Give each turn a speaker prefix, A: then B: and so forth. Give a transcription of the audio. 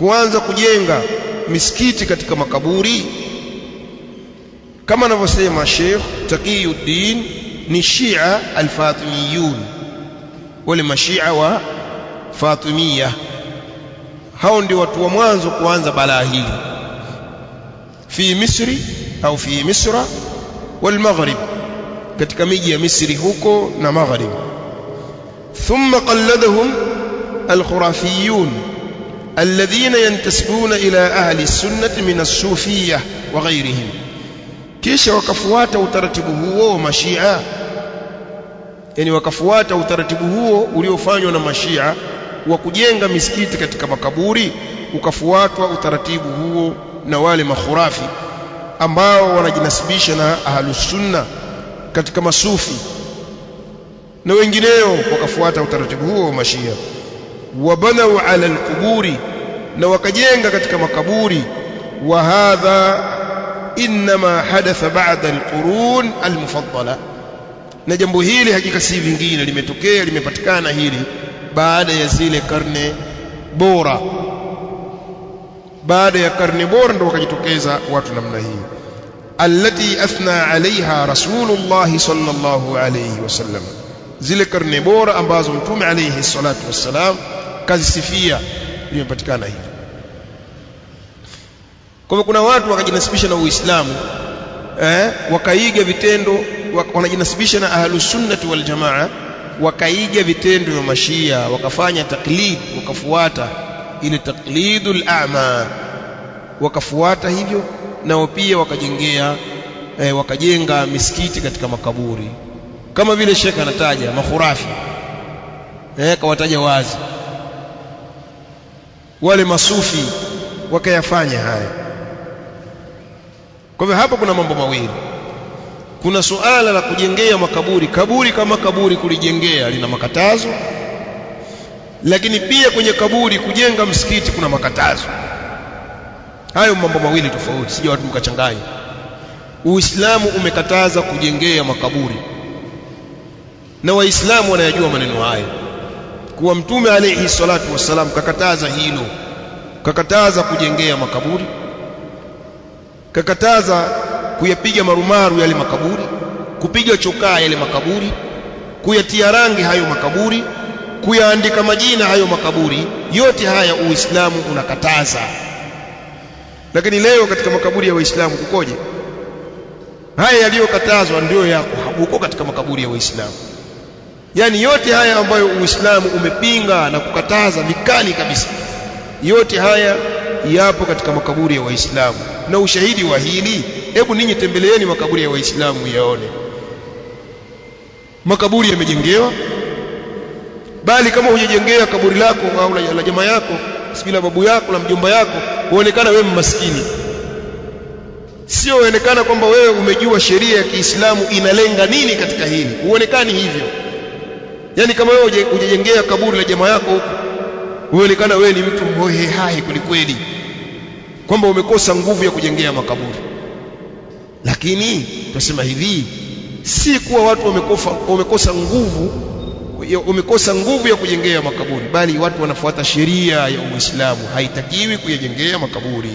A: kuanza kujenga misikiti katika makaburi kama anavyosema Sheikh Taqiyuddin ni Shia al-Fatimiyun, wale mashia wa Fatimia, hao ndio watu wa mwanzo kuanza balaa hili fi Misri au fi Misra wal Maghrib, katika miji ya Misri huko na Maghrib. Thumma qalladahum al-Khurafiyun alladhina yantasibuna ila ahli sunnati min as-sufiyya wa ghayrihim kisha wakafuata utaratibu huo wa mashia yani wakafuata utaratibu huo uliofanywa na mashia wa kujenga misikiti katika makaburi ukafuatwa utaratibu huo na wale makhurafi ambao wanajinasibisha na ahlusunna katika masufi na wengineo wakafuata utaratibu huo wa mashia wabanau ala alquburi, na wakajenga katika makaburi. Wa hadha innama hadatha ba'da alqurun almufaddala, na jambo hili hakika si vingine, limetokea limepatikana hili baada ya zile karne bora. Baada ya karne bora ndo wakajitokeza watu namna hii. Allati athna alaiha rasulullahi sallallahu alayhi wasallam, zile karne bora ambazo Mtume alayhi salatu wassalam kazisifia, limepatikana hivi. Kwa hivyo kuna watu wakajinasibisha na Uislamu eh, wakaiga vitendo, wanajinasibisha na Ahlusunnati Waljamaa, wakaiga vitendo vya Mashia, wakafanya taklid, wakafuata ile taklidul a'ma, wakafuata hivyo nao pia wakajengea eh, wakajenga misikiti katika makaburi, kama vile shekh anataja makhurafi eh, kawataja wazi wale masufi wakayafanya haya. Kwa hivyo hapa kuna mambo mawili, kuna suala la kujengea makaburi. Kaburi kama kaburi kulijengea lina makatazo, lakini pia kwenye kaburi kujenga msikiti kuna makatazo. Hayo mambo mawili tofauti, sija watu mkachanganya. Uislamu umekataza kujengea makaburi na Waislamu wanayajua maneno hayo kuwa mtume alayhi salatu wassalam kakataza hilo, kakataza kujengea makaburi, kakataza kuyapiga marumaru yale makaburi, kupiga chokaa yale makaburi, kuyatia rangi hayo makaburi, kuyaandika majina hayo makaburi. Yote haya Uislamu unakataza. Lakini leo katika makaburi ya Waislamu kukoje? Haya yaliyokatazwa ndiyo yako, huko katika makaburi ya Waislamu yani yote haya ambayo Uislamu umepinga na kukataza vikali kabisa, yote haya yapo katika makaburi ya Waislamu. Na ushahidi wa hili, hebu ninyi tembeleeni makaburi ya Waislamu yaone, makaburi yamejengewa. Bali kama hujajengea kaburi lako au la jamaa yako, sijui la babu yako, la mjomba yako, huonekana wewe maskini, sio huonekana kwamba wewe umejua sheria ya Kiislamu inalenga nini katika hili, huonekani hivyo. Yaani kama wewe hujajengea kaburi la jamaa yako huko, huonekana wewe ni mtu mhohe hai kwelikweli, kwamba umekosa nguvu ya kujengea makaburi. Lakini tunasema hivi, si kuwa watu wamekufa wamekosa nguvu, wamekosa nguvu ya kujengea makaburi, bali watu wanafuata sheria ya Uislamu, haitakiwi kuyajengea makaburi.